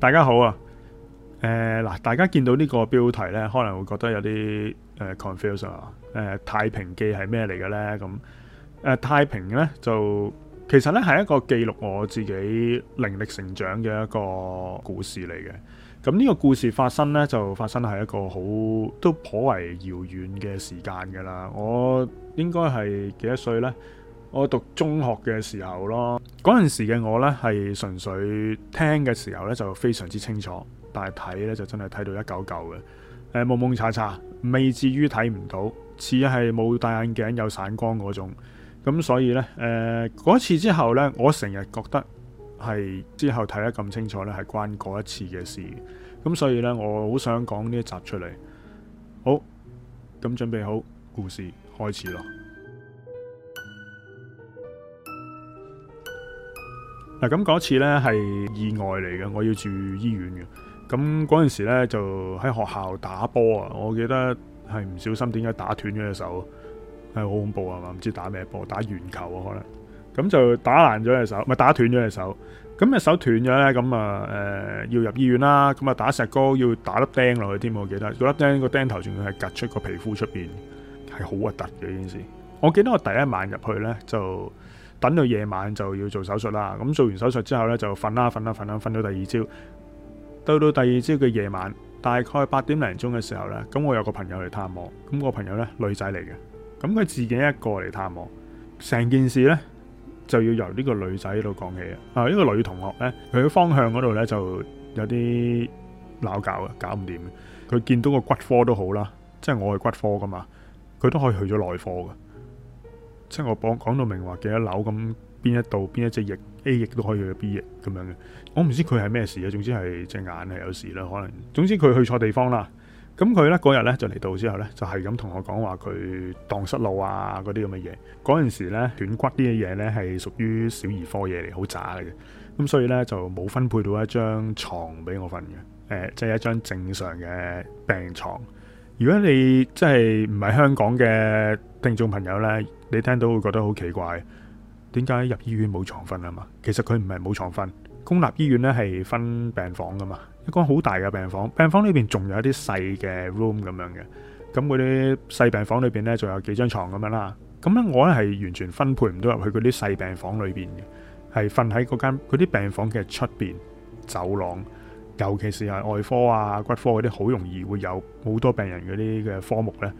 大家好啊！誒、呃、嗱，大家見到呢個標題呢，可能會覺得有啲誒 confusion 啊！誒、呃，《太平記》係咩嚟嘅呢？咁誒，呃《太平》呢，就其實呢係一個記錄我自己能力成長嘅一個故事嚟嘅。咁呢個故事發生呢，就發生喺一個好都頗為遙遠嘅時間噶啦。我應該係幾多歲呢？我讀中學嘅時候咯，嗰陣時嘅我呢係純粹聽嘅時候呢就非常之清楚，但係睇呢就真係睇到一舊舊嘅，誒濛濛查查，未至於睇唔到，似係冇戴眼鏡有散光嗰種。咁所以呢，誒、呃、嗰次之後呢，我成日覺得係之後睇得咁清楚呢係關嗰一次嘅事。咁所以呢，我好想講呢一集出嚟。好，咁準備好，故事開始咯。嗱咁嗰次呢係意外嚟嘅，我要住醫院嘅。咁嗰陣時呢就喺學校打波啊，我記得係唔小心點解打斷咗隻手，係好恐怖啊嘛！唔知打咩波，打圓球啊。可能，咁就打爛咗隻手，咪打斷咗隻手。咁隻手斷咗呢，咁啊誒要入醫院啦。咁啊打石膏要打粒釘落去添，我記得嗰粒釘個釘頭仲要係夾出個皮膚出邊，係好核突嘅件事。我記得我第一晚入去呢就。等到夜晚就要做手術啦，咁做完手術之後咧就瞓啦瞓啦瞓啦，瞓到第二朝，到到第二朝嘅夜晚，大概八點零鐘嘅時候咧，咁我有個朋友嚟探望，咁個朋友咧女仔嚟嘅，咁佢自己一個嚟探望，成件事咧就要由呢個女仔度講起啊，呢個女同學咧佢嘅方向嗰度咧就有啲拗搞啊，搞唔掂嘅，佢見到個骨科都好啦，即係我係骨科噶嘛，佢都可以去咗內科噶。即我講講到明話幾多樓咁，邊一度，邊一隻翼 A 翼都可以去到 B 翼咁樣嘅，我唔知佢係咩事啊。總之係隻眼係有事啦，可能總之佢去錯地方啦。咁佢呢嗰日呢，就嚟到之後呢，就係咁同我講話佢盪失路啊嗰啲咁嘅嘢。嗰陣時呢，斷骨啲嘅嘢呢，係屬於小兒科嘢嚟，好渣嘅。咁所以呢，就冇分配到一張床俾我瞓嘅，誒，即係一張正常嘅病床。如果你即係唔係香港嘅。聽眾朋友呢，你聽到會覺得好奇怪，點解入醫院冇牀瞓啊？嘛，其實佢唔係冇牀瞓，公立醫院呢係分病房㗎嘛，一間好大嘅病房，病房裏邊仲有一啲細嘅 room 咁樣嘅。咁嗰啲細病房裏邊呢，仲有幾張牀咁樣啦。咁呢，我咧係完全分配唔到入去嗰啲細病房裏邊嘅，係瞓喺嗰間嗰啲病房嘅出邊走廊，尤其是係外科啊、骨科嗰啲，好容易會有好多病人嗰啲嘅科目呢。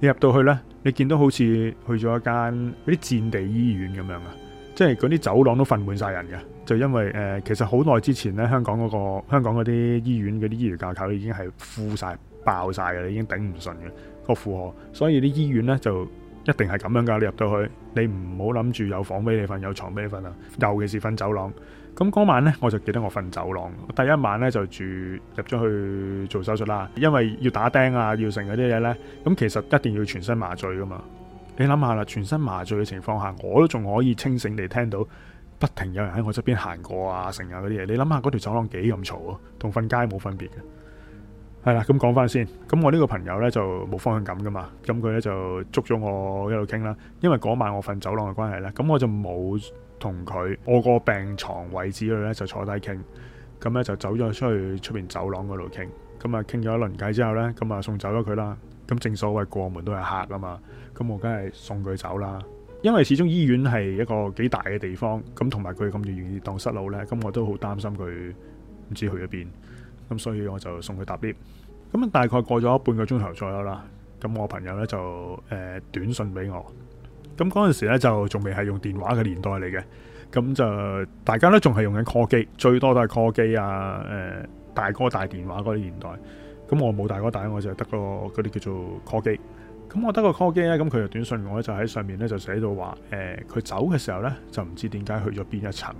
你入到去呢。你見到好似去咗一間啲戰地醫院咁樣啊，即係嗰啲走廊都瞓滿晒人嘅，就因為誒、呃、其實好耐之前咧，香港嗰、嗰個香港嗰啲醫院嗰啲醫療架構已經係負晒爆晒嘅，你已經頂唔順嘅個負荷，所以啲醫院呢就一定係咁樣噶，你入到去，你唔好諗住有房俾你瞓，有床俾你瞓啊，尤其是瞓走廊。咁嗰晚呢，我就記得我瞓走廊。第一晚呢就住入咗去做手術啦，因為要打釘啊，要成嗰啲嘢呢。咁其實一定要全身麻醉噶嘛。你諗下啦，全身麻醉嘅情況下，我都仲可以清醒地聽到不停有人喺我側邊行過啊，成啊嗰啲嘢。你諗下嗰條走廊幾咁嘈啊，同瞓街冇分別嘅。係啦，咁講翻先。咁我呢個朋友呢就冇方向感噶嘛，咁佢呢就捉咗我一路傾啦。因為嗰晚我瞓走廊嘅關係呢，咁我就冇。同佢我個病床位置嗰度咧就坐低傾，咁咧就走咗出去出邊走廊嗰度傾，咁啊傾咗一輪偈之後咧，咁啊送走咗佢啦。咁正所謂過門都係客啊嘛，咁我梗係送佢走啦。因為始終醫院係一個幾大嘅地方，咁同埋佢咁樣容易蕩失路咧，咁我都好擔心佢唔知去咗邊，咁所以我就送佢搭 lift。咁大概過咗半個鐘頭左右啦，咁我朋友咧就誒、呃、短信俾我。咁嗰陣時咧就仲未係用電話嘅年代嚟嘅，咁就大家都仲係用緊 call 機，最多都係 call 機啊！誒、呃、大哥大電話嗰啲年代，咁我冇大哥大，我就得個嗰啲叫做 call 機。咁我得個 call 機咧，咁佢就短信我咧就喺上面咧就寫到話誒，佢、呃、走嘅時候咧就唔知點解去咗邊一層，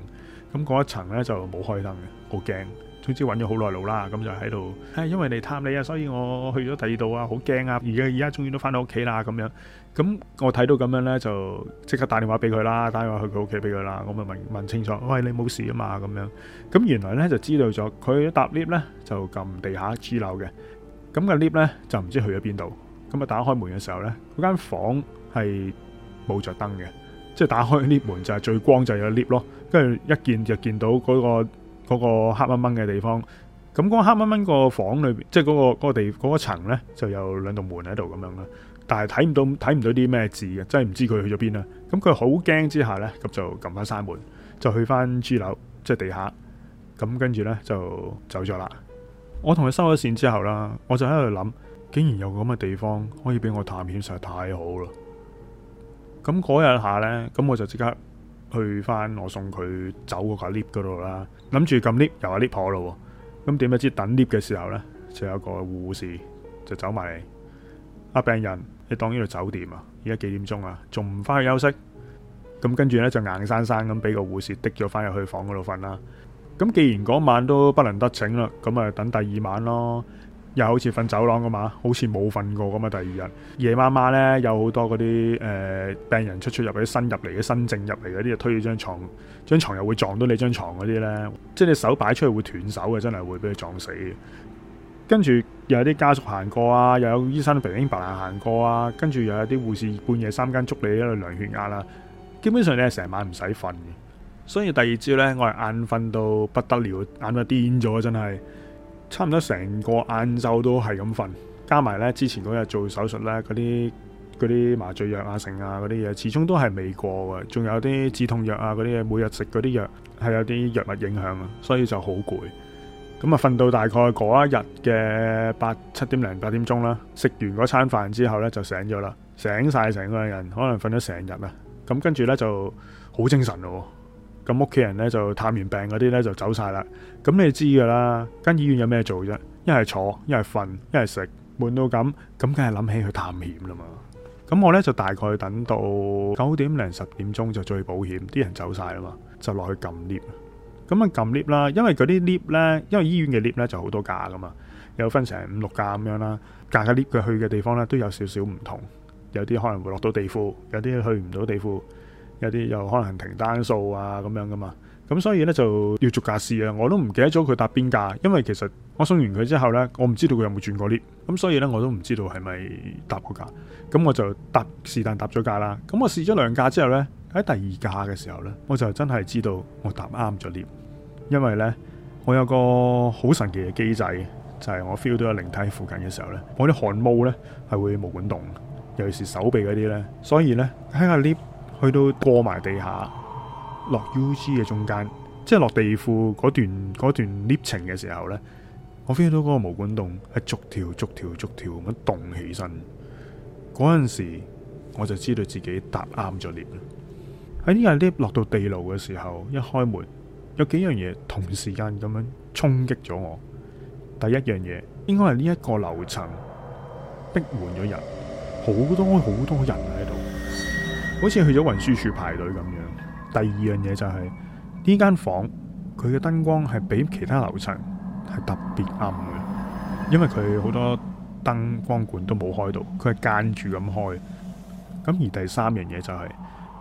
咁嗰一層咧就冇開燈嘅，好驚。總之揾咗好耐路啦，咁就喺度，係、哎、因為嚟探你啊，所以我去咗第二度啊，好驚啊！而而家終於都翻到屋企啦，咁樣。咁我睇到咁樣咧，就即刻打電話俾佢啦，打電話去佢屋企俾佢啦。我咪問問清楚，喂，你冇事啊嘛咁樣。咁原來咧就知道咗，佢一搭 lift 咧就撳地下 G 樓嘅。咁個 lift 咧就唔知去咗邊度。咁啊打開門嘅時候咧，嗰間房係冇著燈嘅，即係打開 lift 門就係最光就係有 lift 咯。跟住一見就見到嗰個嗰個黑掹掹嘅地方。咁嗰個黑掹掹個房裏邊，即係嗰個嗰個地嗰個層咧就有兩道門喺度咁樣啦。但係睇唔到睇唔到啲咩字嘅，真係唔知佢去咗邊啦。咁佢好驚之下呢，咁就撳翻閂門，就去翻 G 樓，即係地下。咁跟住呢，就走咗啦。我同佢收咗線之後啦，我就喺度諗，竟然有咁嘅地方可以俾我探險，實在太好啦。咁嗰日下呢，咁我就即刻去翻我送佢走個 lift 嗰度啦，諗住撳 lift 又話 lift 我咯。咁點解知等 lift 嘅時候呢，就有個護士就走埋嚟，阿、啊、病人，你當呢度酒店啊？而家幾點鐘啊？仲唔翻去休息？咁跟住呢，就硬生生咁俾個護士滴咗翻入去房嗰度瞓啦。咁既然嗰晚都不能得逞啦，咁啊等第二晚咯。又好似瞓走廊嗰晚，好似冇瞓過咁啊。第二日夜媽媽呢，有好多嗰啲誒病人出出入嗰啲新入嚟嘅新症入嚟嗰啲，就推咗張床，張床又會撞到你張床嗰啲呢，即係你手擺出去會斷手嘅，真係會俾佢撞死跟住又有啲家屬行過啊，又有醫生鼻影白蘭行過啊，跟住又有啲護士半夜三更捉你喺度量血壓啦。基本上你係成晚唔使瞓嘅，所以第二朝咧我係眼瞓到不得了，眼都癲咗，真係差唔多成個晏晝都係咁瞓。加埋咧之前嗰日做手術咧嗰啲嗰啲麻醉藥啊成啊嗰啲嘢，始終都係未過嘅。仲有啲止痛藥啊嗰啲嘢，每日食嗰啲藥係有啲藥物影響啊，所以就好攰。咁啊，瞓到大概嗰一日嘅八七點零八點鐘啦，食完嗰餐飯之後咧就醒咗啦，醒曬成個人，可能瞓咗成日啊。咁跟住咧就好精神咯。咁屋企人咧就探完病嗰啲咧就走曬啦。咁你知噶啦，間醫院有咩做啫？一係坐，一係瞓，一係食，悶到咁，咁梗係諗起去探險啦嘛。咁我咧就大概等到九點零十點鐘就最保險，啲人走曬啦嘛，就落去撳釣。咁啊，撳 lift 啦，因為嗰啲 lift 咧，因為醫院嘅 lift 咧就好多架噶嘛，有分成五六架咁樣啦，架架 lift 佢去嘅地方咧都有少少唔同，有啲可能會落到地庫，有啲去唔到地庫，有啲又可能停單數啊咁樣噶嘛，咁所以咧就要逐架試啊，我都唔記得咗佢搭邊架，因為其實我送完佢之後咧，我唔知道佢有冇轉過 lift，咁所以咧我都唔知道係咪搭過架，咁我就搭是但搭咗架啦，咁我試咗兩架之後咧，喺第二架嘅時候咧，我就真係知道我搭啱咗 lift。因為呢，我有個好神奇嘅機制，就係我 feel 到有靈體附近嘅時候呢，我啲汗毛呢係會毛管戙，尤其是手臂嗰啲呢。所以呢，喺個 lift 去到過埋地下，落 U G 嘅中間，即係落地庫嗰段嗰段 lift 程嘅時候呢，我 feel 到嗰個毛管戙係逐條逐條逐條咁動起身。嗰陣時我就知道自己搭啱咗 lift 啦。喺呢個 lift 落到地牢嘅時候，一開門。有幾樣嘢，同時間咁樣衝擊咗我。第一樣嘢應該係呢一個樓層逼滿咗人，好多好多人喺度，好似去咗運輸處排隊咁樣。第二樣嘢就係呢間房佢嘅燈光係比其他樓層係特別暗嘅，因為佢好多燈光管都冇開到，佢係間住咁開。咁而第三樣嘢就係、是。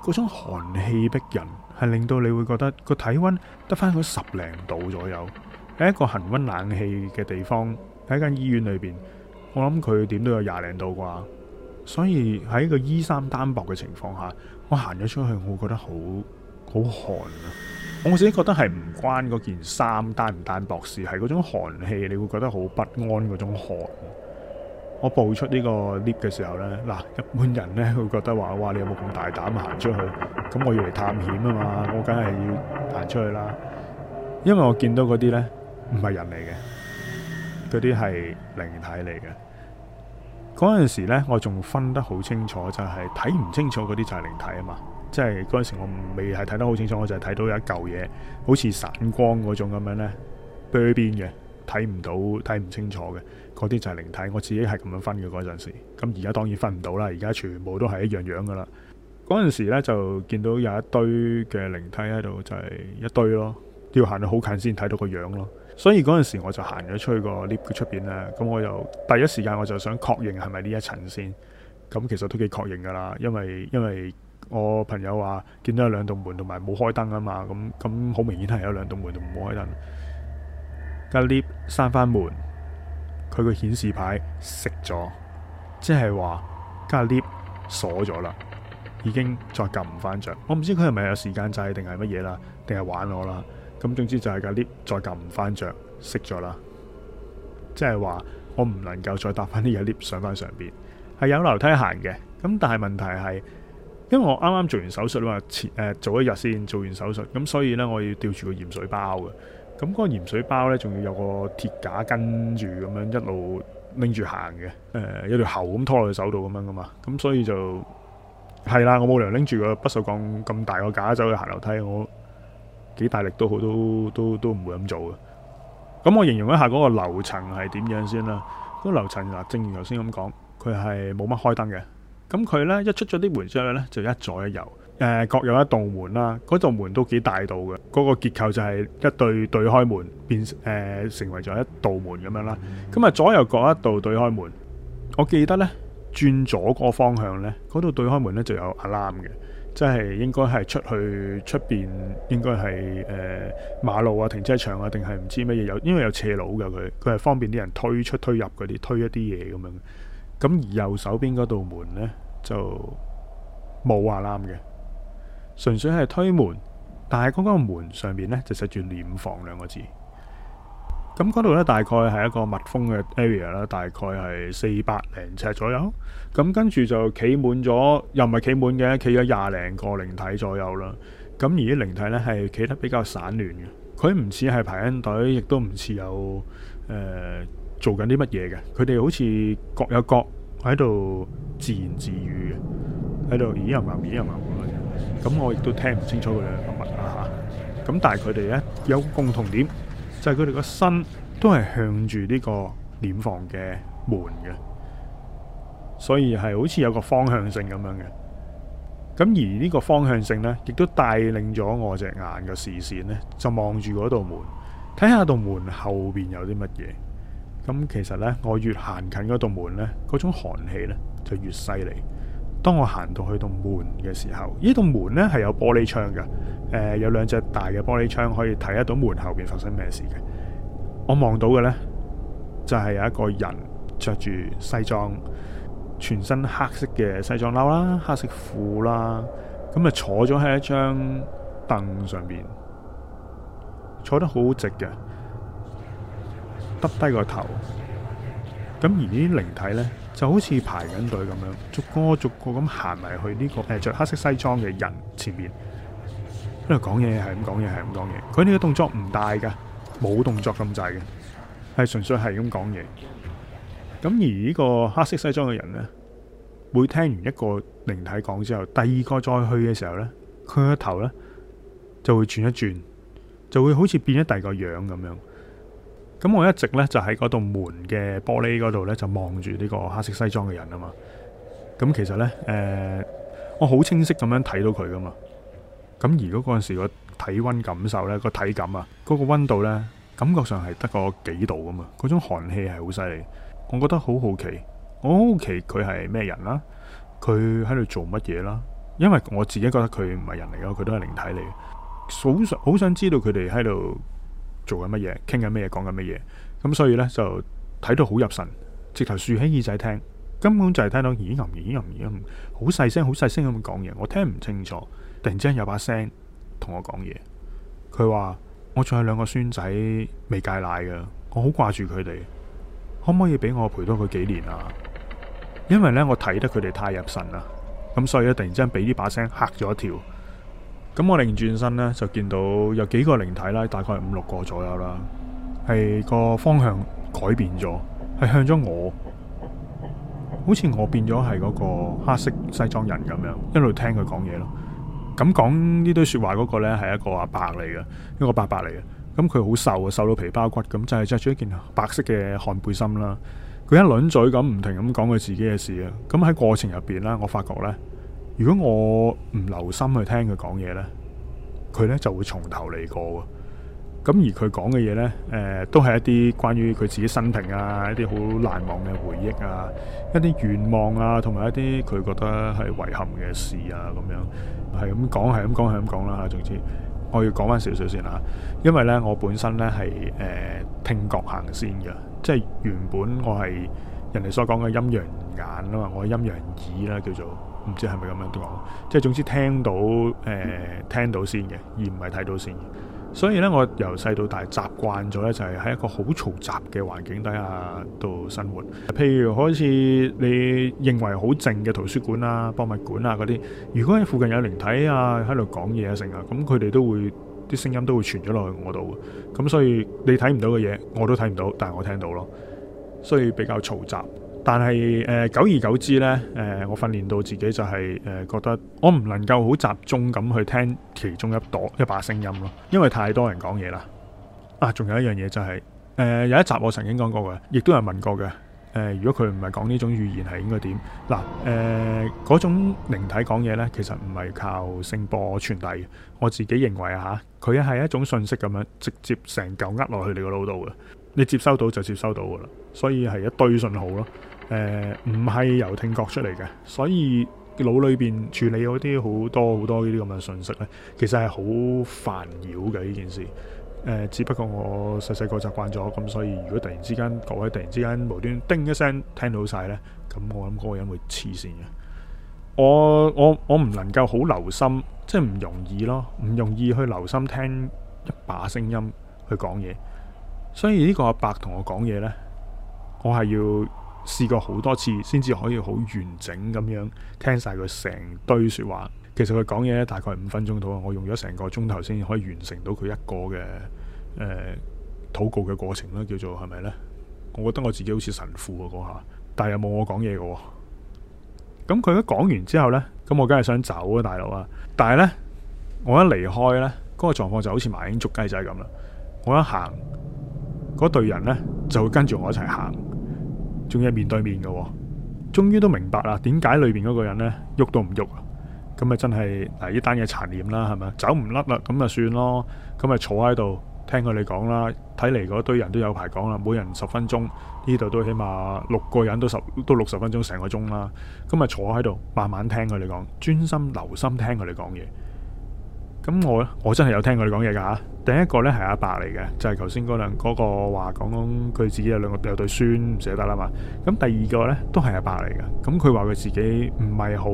嗰種寒氣逼人，係令到你會覺得個體温得翻嗰十零度左右。喺一個恒温冷氣嘅地方，喺間醫院裏邊，我諗佢點都有廿零度啩。所以喺一個衣衫單薄嘅情況下，我行咗出去，我覺得好好寒啊！我自己覺得係唔關嗰件衫單唔單薄事，係嗰種寒氣，你會覺得好不安嗰種寒。我步出呢個 lift 嘅時候呢，嗱一般人呢會覺得話：哇！你有冇咁大膽行出去？咁我要嚟探險啊嘛！我梗係要行出去啦，因為我見到嗰啲呢唔係人嚟嘅，嗰啲係靈體嚟嘅。嗰陣時咧，我仲分得好清楚，就係睇唔清楚嗰啲就係靈體啊嘛。即係嗰陣時我未係睇得好清楚，我就係睇到有一嚿嘢好似散光嗰種咁樣呢，邊邊嘅。睇唔到、睇唔清楚嘅，嗰啲就係靈體。我自己係咁樣分嘅，嗰陣時，咁而家當然分唔到啦。而家全部都係一樣樣噶啦。嗰陣時咧就見到有一堆嘅靈體喺度，就係、是、一堆咯，都要行到好近先睇到個樣咯。所以嗰陣時我就行咗出去個 lift 出邊啦。咁我又第一時間我就想確認係咪呢一層先。咁其實都幾確認噶啦，因為因為我朋友話見到有兩道門，同埋冇開燈啊嘛。咁咁好明顯係有兩道門同冇開燈。隔 lift 閂翻門，佢個顯示牌熄咗，即係話隔 lift 鎖咗啦，已經再撳唔翻着。我唔知佢係咪有時間掣定係乜嘢啦，定係玩我啦。咁總之就係隔 lift 再撳唔翻着，熄咗啦，即係話我唔能夠再搭翻啲嘢 lift 上翻上邊。係有樓梯行嘅，咁但係問題係，因為我啱啱做完手術啊嘛，前誒、呃、做一日先做完手術，咁所以呢，我要吊住個鹽水包嘅。咁嗰個鹽水包咧，仲要有個鐵架跟住咁樣一路拎住行嘅，誒有條喉咁拖落去手度咁樣噶嘛，咁所以就係啦，我冇理由拎住個不鏽鋼咁大個架走去行樓梯，我幾大力都好，都都都唔會咁做嘅。咁我形容一下嗰個樓層係點樣先啦。咁樓層嗱，正如頭先咁講，佢係冇乜開燈嘅。咁佢咧一出咗啲門出嚟咧，就一左一右。誒、呃、各有一道門啦，嗰道門都幾大道嘅，嗰、那個結構就係一對對開門變誒成、呃、成為咗一道門咁樣啦。咁啊左右各一道對開門，我記得呢，轉左個方向呢，嗰度對開門呢就有阿 l 嘅，即係應該係出去出邊應該係誒、呃、馬路啊、停車場啊，定係唔知乜嘢有，因為有斜路嘅佢，佢係方便啲人推出推入嗰啲推一啲嘢咁樣。咁而右手邊嗰道門呢，就冇阿 l 嘅。純粹係推門，但係嗰個門上面呢，就寫住殮房兩個字。咁嗰度呢，大概係一個密封嘅 area 啦，大概係四百零尺左右。咁跟住就企滿咗，又唔係企滿嘅，企咗廿零個靈體左右啦。咁而啲靈體呢，係企得比較散亂嘅，佢唔似係排緊隊，亦都唔似有誒、呃、做緊啲乜嘢嘅。佢哋好似各有各喺度自言自語嘅，喺度咦唔牛耳唔牛。咁我亦都聽唔清楚佢哋講乜啊吓，咁但係佢哋咧有共同點，就係佢哋個身都係向住呢個殮房嘅門嘅，所以係好似有個方向性咁樣嘅。咁而呢個方向性咧，亦都帶領咗我隻眼嘅視線咧，就望住嗰道門，睇下道門後邊有啲乜嘢。咁其實咧，我越行近嗰道門咧，嗰種寒氣咧就越犀利。當我行到去到門嘅時候，呢道門呢係有玻璃窗嘅，誒、呃、有兩隻大嘅玻璃窗可以睇得到門後邊發生咩事嘅。我望到嘅呢，就係、是、有一個人着住西裝，全身黑色嘅西裝褸啦、黑色褲啦，咁啊坐咗喺一張凳上面，坐得好直嘅，耷低個頭。咁而呢啲靈體呢，就好似排緊隊咁樣，逐個逐個咁行埋去呢個誒著黑色西裝嘅人前面，喺度講嘢係咁講嘢係咁講嘢。佢哋嘅動作唔大㗎，冇動作咁滯嘅，係純粹係咁講嘢。咁而呢個黑色西裝嘅人咧，每聽完一個靈體講之後，第二個再去嘅時候咧，佢個頭咧就會轉一轉，就會好似變咗第二個樣咁樣。.咁我一直咧就喺嗰道門嘅玻璃嗰度咧就望住呢個黑色西裝嘅人啊嘛。咁其實咧，誒、呃，我好清晰咁樣睇到佢噶嘛。咁而嗰嗰陣時個體溫感受咧，個體感啊，嗰個溫度咧，感覺上係得個幾度噶嘛。嗰種寒氣係好犀利。我覺得好好奇，我好奇佢係咩人啦、啊，佢喺度做乜嘢啦？因為我自己覺得佢唔係人嚟噶，佢都係靈體嚟。好想好想知道佢哋喺度。做緊乜嘢？傾緊乜嘢？講緊乜嘢？咁所以呢，就睇到好入神，直頭豎起耳仔聽，根本就係聽到咦吟咦吟咦吟，好細聲，好細聲咁講嘢，我聽唔清楚。突然之間有把聲同我講嘢，佢話我仲有兩個孫仔未戒奶㗎，我好掛住佢哋，可唔可以俾我陪多佢幾年啊？因為呢，我睇得佢哋太入神啦，咁所以咧突然之間俾呢把聲嚇咗一跳。咁我擰轉身咧，就見到有幾個靈體啦，大概五六個左右啦，係個方向改變咗，係向咗我，好似我變咗係嗰個黑色西裝人咁樣，一路聽佢講嘢咯。咁講呢堆說話嗰個咧，係一個阿伯嚟嘅，一個伯伯嚟嘅。咁佢好瘦啊，瘦到皮包骨，咁就係着住一件白色嘅汗背心啦。佢一輪嘴咁，唔停咁講佢自己嘅事啊。咁喺過程入邊啦，我發覺咧。如果我唔留心去聽佢講嘢咧，佢咧就會從頭嚟過喎。咁而佢講嘅嘢咧，誒都係一啲關於佢自己生平啊，一啲好難忘嘅回憶啊，一啲願望啊，同埋一啲佢覺得係遺憾嘅事啊，咁樣係咁講，係咁講，係咁講啦。總之，我要講返少少先嚇，因為咧我本身咧係誒聽覺行先嘅，即係原本我係人哋所講嘅陰陽眼啊嘛，我係陰陽耳啦叫做。唔知係咪咁樣講，即係總之聽到誒、呃、聽到先嘅，而唔係睇到先嘅。所以咧，我由細到大習慣咗咧，就係喺一個好嘈雜嘅環境底下度生活。譬如好似你認為好靜嘅圖書館啊、博物館啊嗰啲，如果喺附近有靈體啊喺度講嘢啊成啊，咁佢哋都會啲聲音都會傳咗落去我度。咁所以你睇唔到嘅嘢，我都睇唔到，但係我聽到咯，所以比較嘈雜。但係誒，久而久之咧，誒，我訓練到自己就係誒，覺得我唔能夠好集中咁去聽其中一朵一把聲音咯，因為太多人講嘢啦。啊，仲有一樣嘢就係誒，有一集我曾經講過嘅，亦都有問過嘅。誒，如果佢唔係講呢種語言，係應該點？嗱，誒，嗰種靈體講嘢咧，其實唔係靠聲波傳遞。我自己認為啊，吓，佢係一種訊息咁樣，直接成嚿呃落去你個腦度嘅。你接收到就接收到噶啦，所以係一堆信號咯。誒，唔係由聽覺出嚟嘅，所以腦裏邊處理嗰啲好多好多呢啲咁嘅信息呢，其實係好煩擾嘅呢件事。誒、呃，只不過我細細個習慣咗，咁所以如果突然之間各位突然之間無端叮一聲聽到晒呢，咁我諗嗰個人會黐線嘅。我我我唔能夠好留心，即係唔容易咯，唔容易去留心聽一把聲音去講嘢。所以呢個阿伯同我講嘢呢，我係要。試過好多次，先至可以好完整咁樣聽晒佢成堆說話。其實佢講嘢大概五分鐘到啊。我用咗成個鐘頭先可以完成到佢一個嘅誒禱告嘅過程啦。叫做係咪呢？我覺得我自己好似神父嗰，啊、下，但係又冇我講嘢嘅。咁佢一講完之後呢，咁我梗係想走啊，大佬啊！但係呢，我一離開呢，嗰、嗰個狀況就好似麻鷹捉雞仔咁啦。我一行，嗰隊人呢，就會跟住我一齊行。仲要面對面嘅，終於都明白啦，點解裏邊嗰個人呢喐都唔喐啊？咁啊真係嗱，呢單嘢殘念啦，係咪？走唔甩啦，咁就算咯。咁啊坐喺度聽佢哋講啦，睇嚟嗰堆人都有排講啦，每人十分鐘，呢度都起碼六個人都十都六十分鐘成個鐘啦。咁啊坐喺度慢慢聽佢哋講，專心留心聽佢哋講嘢。咁我咧，我真係有聽過你講嘢㗎吓。第一個咧係阿伯嚟嘅，就係頭先嗰兩嗰個話講講佢自己有兩個有對孫唔捨得啦嘛。咁第二個咧都係阿伯嚟嘅，咁佢話佢自己唔係好，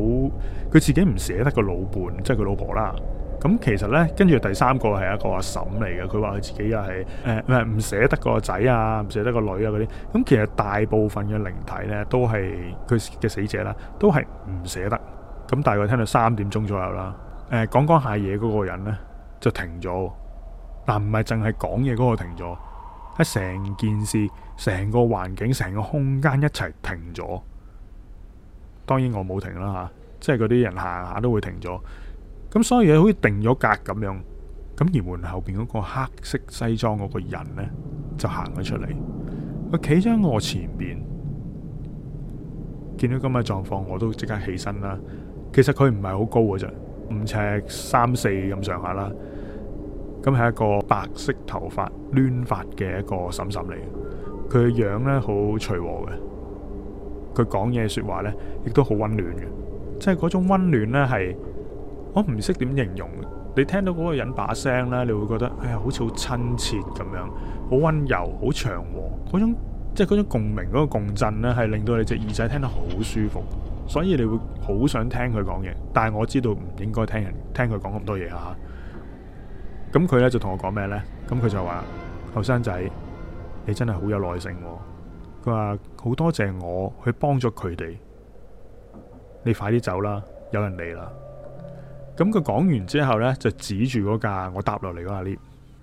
佢自己唔捨得個老伴，即係佢老婆啦。咁其實咧，跟住第三個係一個阿嬸嚟嘅，佢話佢自己又係誒唔唔捨得個仔啊，唔捨得個女啊嗰啲。咁其實大部分嘅靈體咧，都係佢嘅死者啦，都係唔捨得。咁大概聽到三點鐘左右啦。誒，講講下嘢，嗰個人呢，就停咗，但唔係淨係講嘢嗰個停咗，喺、啊、成件事，成個環境，成個空間一齊停咗。當然我冇停啦，吓、啊，即係嗰啲人行下都會停咗。咁所以好似定咗格咁樣，咁、啊、而門後邊嗰個黑色西裝嗰個人呢，就行咗出嚟，佢企咗喺我前面。見到咁嘅狀況，我都即刻起身啦。其實佢唔係好高嘅啫。五尺三四咁上下啦，咁，係一個白色頭髮攣髮嘅一個嬸嬸嚟，佢嘅樣咧好隨和嘅，佢講嘢說話咧亦都好溫暖嘅，即係嗰種溫暖咧係我唔識點形容，你聽到嗰個人把聲咧，你會覺得哎呀好似好親切咁樣，好溫柔，好祥和，嗰種即係嗰種共鳴嗰個共振咧，係令到你隻耳仔聽得好舒服。所以你會好想聽佢講嘢，但係我知道唔應該聽人聽佢講咁多嘢啊。咁佢呢就同我講咩呢？咁佢就話：後生仔，你真係好有耐性喎。佢話好多謝我去幫助佢哋。你快啲走啦，有人嚟啦。咁佢講完之後呢，就指住嗰架我搭落嚟嗰架 lift。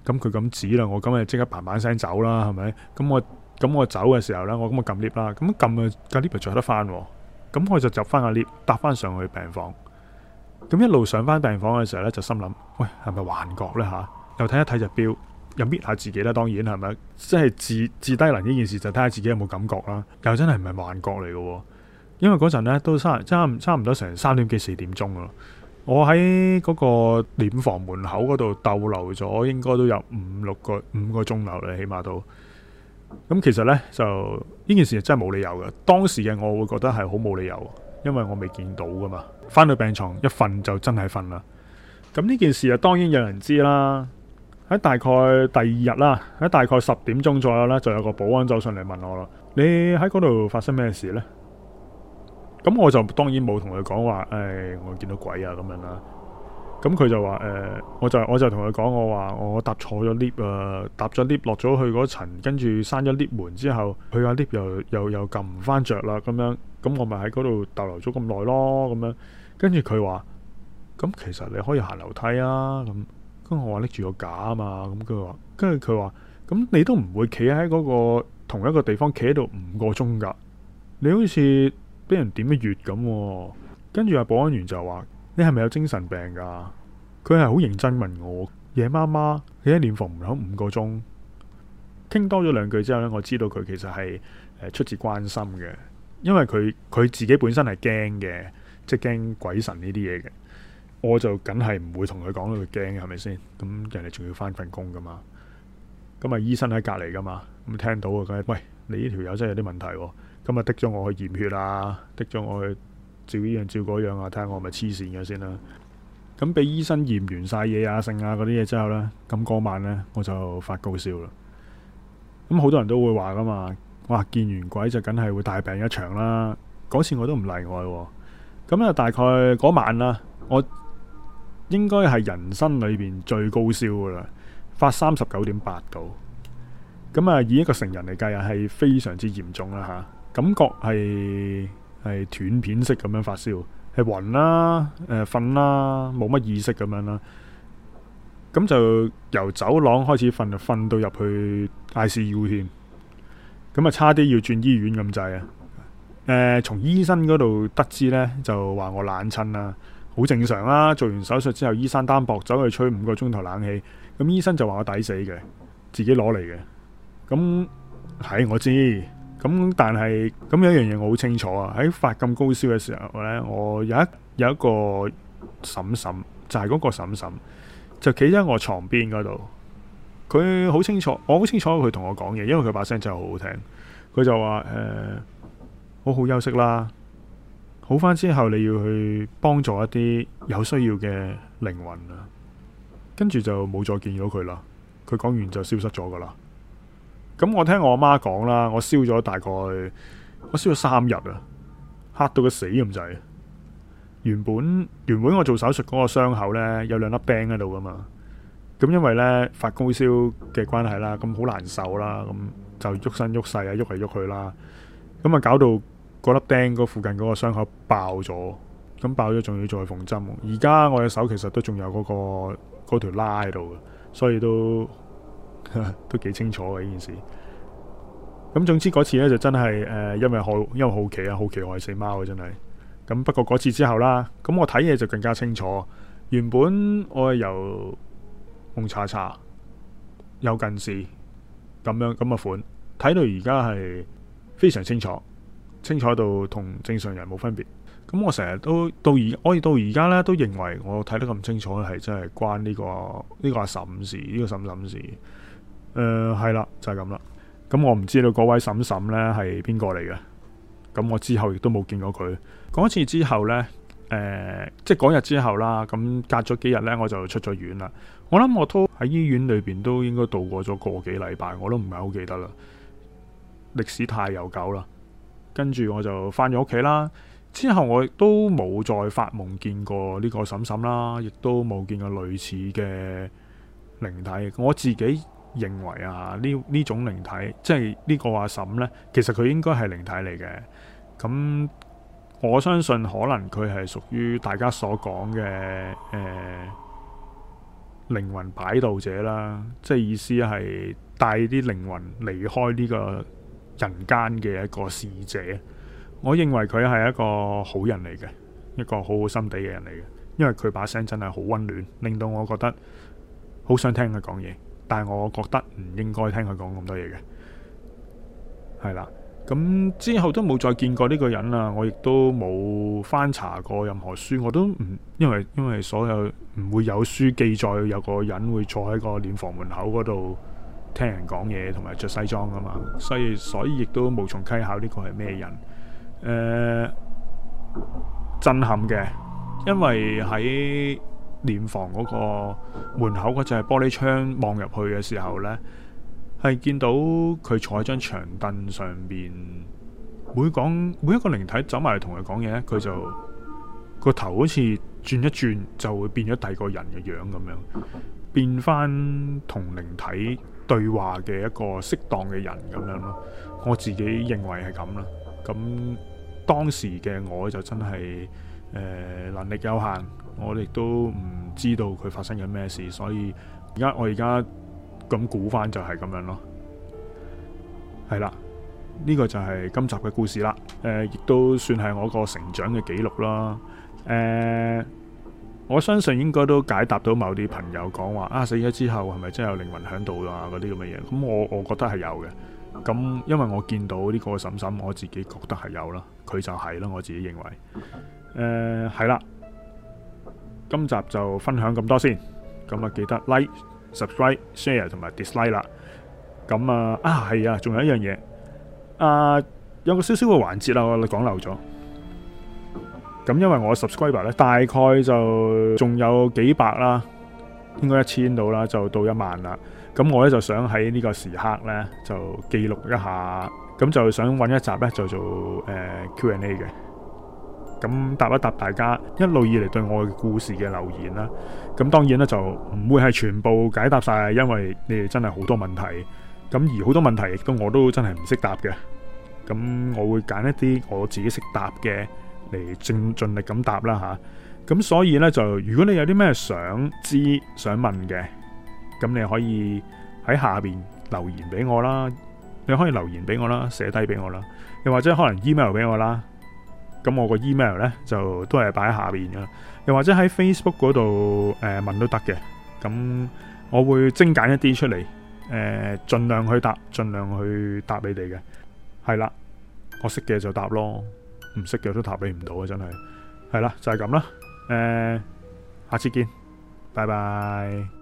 咁佢咁指啦，我咁咪即刻嘭嘭聲走啦。係咪？咁我咁我走嘅時候呢，我咁就撳 lift 啦。咁撳啊，架 lift 咪着得翻。咁我就執翻阿 lift 搭翻上去病房，咁一路上翻病房嘅時候咧，就心諗，喂係咪幻覺呢？吓、啊？又睇一睇隻表，又搣下自己啦，當然係咪？即係自自低能呢件事就睇下自己有冇感覺啦。又真係唔係幻覺嚟嘅，因為嗰陣呢，都三差差唔多成三點幾四點鐘咯。我喺嗰個殮房門口嗰度逗留咗，應該都有五六個五個鐘頭啦，起碼都。咁其實呢，就呢件事真係冇理由嘅，當時嘅我會覺得係好冇理由，因為我未見到噶嘛。翻到病床一瞓就真係瞓啦。咁呢件事啊，當然有人知啦。喺大概第二日啦，喺大概十點鐘左右咧，就有個保安走上嚟問我咯：「你喺嗰度發生咩事呢？」咁我就當然冇同佢講話，誒、哎，我見到鬼啊咁樣啦。咁佢就話誒、欸，我就我就同佢講，我話我搭錯咗 lift 啊，搭咗 lift 落咗去嗰層，跟住閂咗 lift 門之後，佢個 lift 又又又撳唔翻着啦，咁樣，咁我咪喺嗰度逗留咗咁耐咯，咁樣，跟住佢話，咁其實你可以行樓梯啊，咁，跟住我話拎住個架啊嘛，咁佢話，跟住佢話，咁你都唔會企喺嗰個同一個地方企喺度五個鐘㗎，你好似俾人點咗穴咁，跟住阿保安員就話。你係咪有精神病噶？佢係好認真問我，夜媽媽，你喺殮房門口五個鐘，傾多咗兩句之後呢，我知道佢其實係出自關心嘅，因為佢佢自己本身係驚嘅，即係驚鬼神呢啲嘢嘅。我就梗係唔會同佢講到佢驚嘅，係咪先？咁人哋仲要翻份工噶嘛？咁啊，醫生喺隔籬噶嘛？咁聽到啊，佢，喂，你呢條友真係有啲問題，咁啊滴咗我去驗血啊，滴咗我去。照呢樣，樣，照嗰樣啊，睇下我咪黐線嘅先啦。咁俾醫生驗完晒嘢啊、剩啊嗰啲嘢之後呢，咁嗰晚呢，我就發高燒啦。咁好多人都會話㗎嘛，哇！見完鬼就梗係會大病一場啦。嗰次我都唔例外。咁啊，大概嗰晚啦、啊，我應該係人生裏邊最高燒嘅喇，發三十九點八度。咁啊，以一個成人嚟計啊，係非常之嚴重啦吓，感覺係。係斷片式咁樣發燒，係暈啦，誒、呃，瞓啦，冇乜意識咁樣啦，咁就由走廊開始瞓就瞓到入去 ICU 添，咁啊差啲要轉醫院咁滯啊！誒、呃，從醫生嗰度得知呢，就話我冷親啦，好正常啦，做完手術之後醫生單薄走去吹五個鐘頭冷氣，咁醫生就話我抵死嘅，自己攞嚟嘅，咁係我知。咁但係咁有一樣嘢我好清楚啊！喺發咁高燒嘅時候呢，我有一有一個嬸嬸，就係、是、嗰個嬸嬸，就企喺我床邊嗰度。佢好清楚，我好清楚佢同我講嘢，因為佢把聲真係好好聽。佢就話：誒、呃，好好休息啦，好返之後你要去幫助一啲有需要嘅靈魂啦。跟住就冇再見咗佢啦。佢講完就消失咗噶啦。咁我聽我阿媽講啦，我燒咗大概，我燒咗三日啊，嚇到佢死咁滯。原本原本我做手術嗰個傷口咧，有兩粒釘喺度噶嘛。咁因為咧發高燒嘅關係啦，咁好難受啦，咁就喐身喐勢啊，喐嚟喐去啦。咁啊搞到嗰粒釘個附近嗰個傷口爆咗，咁爆咗仲要再縫針。而家我嘅手其實都仲有嗰個嗰條拉喺度，所以都。 都幾清楚嘅、啊、呢件事，咁總之嗰次呢，就真係誒、呃，因為好因為好奇啊，好奇害死貓啊，真係。咁不過嗰次之後啦，咁我睇嘢就更加清楚。原本我係由蒙查查有近視咁樣咁嘅款，睇到而家係非常清楚，清楚到同正常人冇分別。咁我成日都到而我到而家呢，都認為我睇得咁清楚係真係關呢、呢個呢、呢個阿嬸事，呢、呢個嬸嬸事。誒，係啦、嗯，就係咁啦。咁、嗯、我唔知道嗰位嬸嬸呢係邊個嚟嘅。咁、嗯、我之後亦都冇見過佢。嗰次之後呢，誒、呃，即係嗰日之後啦。咁隔咗幾日呢，我就出咗院啦。我諗我都喺醫院裏邊都應該度過咗個幾禮拜，我都唔係好記得啦。歷史太悠久啦。跟住我就翻咗屋企啦。之後我亦都冇再發夢見過呢個嬸嬸啦，亦都冇見過類似嘅靈體。我自己。認為啊，呢呢種靈體，即係呢個阿嬸呢，其實佢應該係靈體嚟嘅。咁、嗯、我相信可能佢係屬於大家所講嘅誒靈魂擺渡者啦，即係意思係帶啲靈魂離開呢個人間嘅一個使者。我認為佢係一個好人嚟嘅，一個好好心地嘅人嚟嘅，因為佢把聲真係好温暖，令到我覺得好想聽佢講嘢。但係我覺得唔應該聽佢講咁多嘢嘅，係啦，咁之後都冇再見過呢個人啦，我亦都冇翻查過任何書，我都唔因為因為所有唔會有書記載有個人會坐喺個殮房門口嗰度聽人講嘢，同埋着西裝㗎嘛，所以所以亦都無從稽考呢個係咩人，誒，震撼嘅，因為喺。殮房嗰個門口嗰隻玻璃窗望入去嘅時候呢，係見到佢坐喺張長凳上面。每講每一個靈體走埋嚟，同佢講嘢，佢就個頭好似轉一轉，就會變咗第二個人嘅樣咁樣，變翻同靈體對話嘅一個適當嘅人咁樣咯。我自己認為係咁啦。咁當時嘅我就真係誒、呃、能力有限。我哋都唔知道佢發生緊咩事，所以而家我而家咁估翻就係咁樣咯。係啦，呢個就係今集嘅故事啦。誒，亦都算係我個成長嘅記錄啦。誒，我相信應該都解答到某啲朋友講話啊，死咗之後係咪真係有靈魂喺度啊？嗰啲咁嘅嘢咁，我我覺得係有嘅。咁因為我見到呢個嬸嬸，我自己覺得係有啦，佢就係啦，我自己認為。誒，係啦。今集就分享咁多先，咁啊記得 like、subscribe、share 同埋 dislike 啦。咁啊啊係啊，仲有一樣嘢啊，有個少少嘅環節啊，我哋講漏咗。咁因為我 subscriber 咧，大概就仲有幾百啦，應該一千到啦，就到一萬啦。咁我咧就想喺呢個時刻咧就記錄一下，咁就想揾一集咧就做誒 Q&A 嘅。咁答一答大家，一路以嚟對我嘅故事嘅留言啦，咁當然咧就唔會係全部解答晒，因為你哋真係好多問題，咁而好多問題亦都我都真係唔識答嘅，咁我會揀一啲我自己識答嘅嚟盡盡力咁答啦吓，咁所以呢，就如果你有啲咩想知想問嘅，咁你可以喺下邊留言俾我啦，你可以留言俾我啦，寫低俾我啦，又或者可能 email 俾我啦。咁我個 email 呢就都係擺喺下邊嘅，又或者喺 Facebook 嗰度，誒問都得嘅。咁我會精簡一啲出嚟，誒盡量去答，盡量去答你哋嘅。係啦，我識嘅就答咯，唔識嘅都答你唔到啊！真係係啦，就係咁啦。誒，下次見，拜拜。